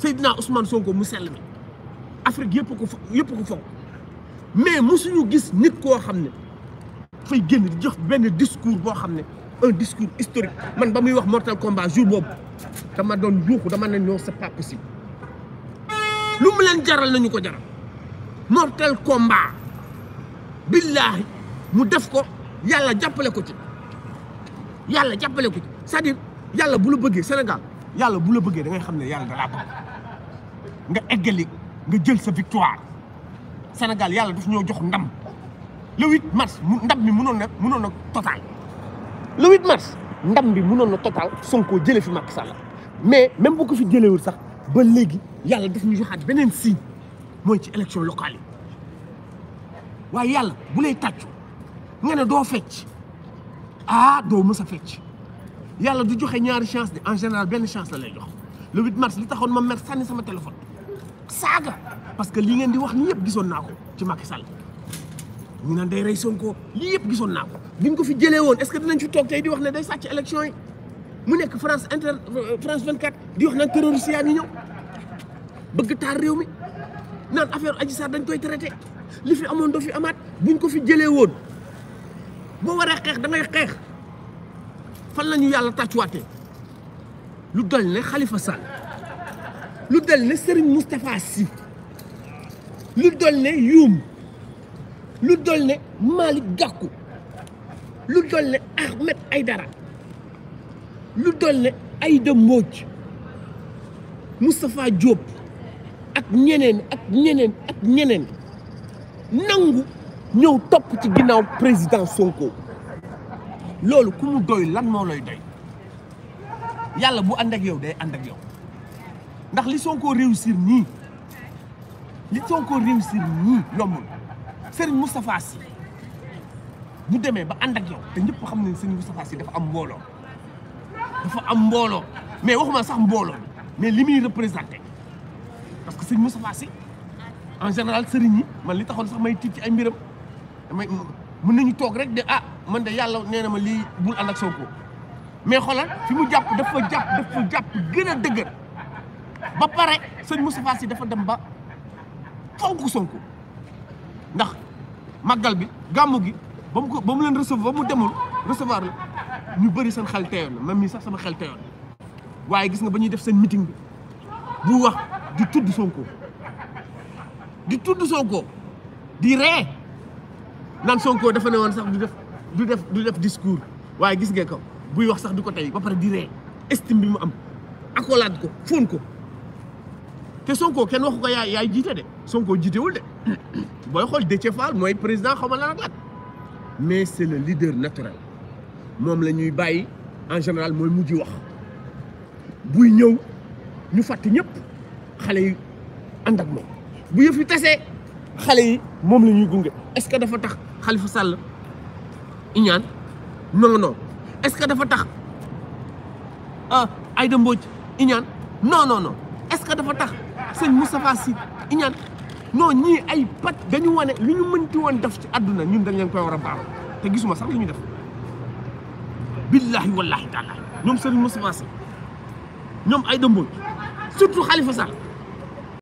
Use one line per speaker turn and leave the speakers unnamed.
Seydina Ousmane ko mu sell mi Afrique yëpp ko yëpp ko fonk mais musuñu gis nit koo xam ne fay génn di jox benn discours boo xam ne un discours historique man ba muy wax mortal combat jour boobu dama doon yuuxu dama ne ñoo c'est pas possible lu mu leen jaral nañu ko jaral mortal combat billaahi mu def ko yàlla jàppale ko ci yàlla jàppale ko ci cest yàlla bu la bëggee Sénégal yàlla bu la bëggee da ngay xam ne yàlla dalaa ko nga eggali nga jël sa victoire Sénégal yalla daf ñoo jox ndam le 8 mars ndam bi mënon na mënon na total le 8 mars ndam bi mënon na total Sonko jëlee fi Macky Sall mais même bu ko fi jëlewul sax ba légui yalla daf ñu joxat benen signe mooy ci élection locale yi yalla bu lay tàccu nga ne do fecc ah do mës a fecc yalla du joxe ñaari chance de en général benn chance la lay jox le 8 mars li taxone ma mer sani sama téléphone saaga parce que lii ngeen di wax nii yëpp gisoon naa ko ci Macky Sall ñu naan day rey Sonko lii yëpp gisoon naa ko bi ñu ko fi jëlee woon est-ce que dinañ fi toog tey di wax ne day sàcc élection yi mu nekk France inter France 24 di wax naan terroriste yaa ngi ñëw bëgg taar réew mi naan affaire Adji Sarr dañ koy traité li fi amoon doo fi amaat buñ ko fi jëlee woon boo waree xeex da xeex fan la ñu yàlla tàccuwaatee lu dal ne Khalifa Sall. lu del ne Serigne Moustapha Sy lu dol ne Youm lu dol ne Malick Gakou lu dol ne Ahmed Aydara lu dol ne Aïda Mbodj Moustapha Diop ak ñeneen ak ñeneen ak ñeneen nangu ñëw topp ci ginnaaw président Sonko loolu ku mu doy lan moo lay doy yàlla bu ànd ak yow day ànd yow ndax li Sonko réussir nii li Sonko réussir nii yombul Serigne Moustapha Sy bu demee ba ànd ak yow te ñëpp xam ne Serigne Moustapha si dafa am mbooloo dafa am mbooloo mais waxuma sax mbooloo mais li muy représenté parce que Serigne Moustapha Sy en général Serigne yi man li taxoon sax may tiit ci ay mbiram damay mën nañu toog rek de ah man de yàlla nee na ma lii bul ànd ak Sonko mais xoolal fi mu jàpp dafa jàpp dafa jàpp gën dëggër ba pare sëñ Moustapha Sy dafa dem ba fonk Sonko ndax màggal bi gàmmu gi ba mu ko ba mu leen recevoir ba mu demul recevoir la ñu bari seen xel teeyoon na mii sax sama xel teeyoon waaye gis nga ba ñuy def seen meeting bi bu wax di tudd Sonko di tudd Sonko di ree naan sonkoo dafa ne woon sax du def du def du def discours waaye gis nga ko buy wax sax du ko tey ba pare di ree estime bi mu am accolade ko fóon ko te Sonko kenn waxu yaay yaay jité dé Sonko jiitewul dé boy xol Déthié Fall moy président xaw ma lan mais c'est le leader naturel mom la ñuy en général moy mujj wax buy ñew ñu fàtt ñep xalé yi ànd ak moom bu yëf yi tasee xalé yi mom la ñuy est ce que dafa tax Khalifa Sall iñaan non non est ce que dafa tax ah Aïda Mbodj iñaan non non non est-ce que dafa tax sëñ Moustapha Sy iñaan non ñii ay pat dañu wane li ñu mënti woon def ci àdduna ñun dañ leen koy war a baal te gisuma sax li ñu def billahi wallahi taala ñoom sëriñ Moustapha ñoom ay dëmbooj surtout Khalifa Sall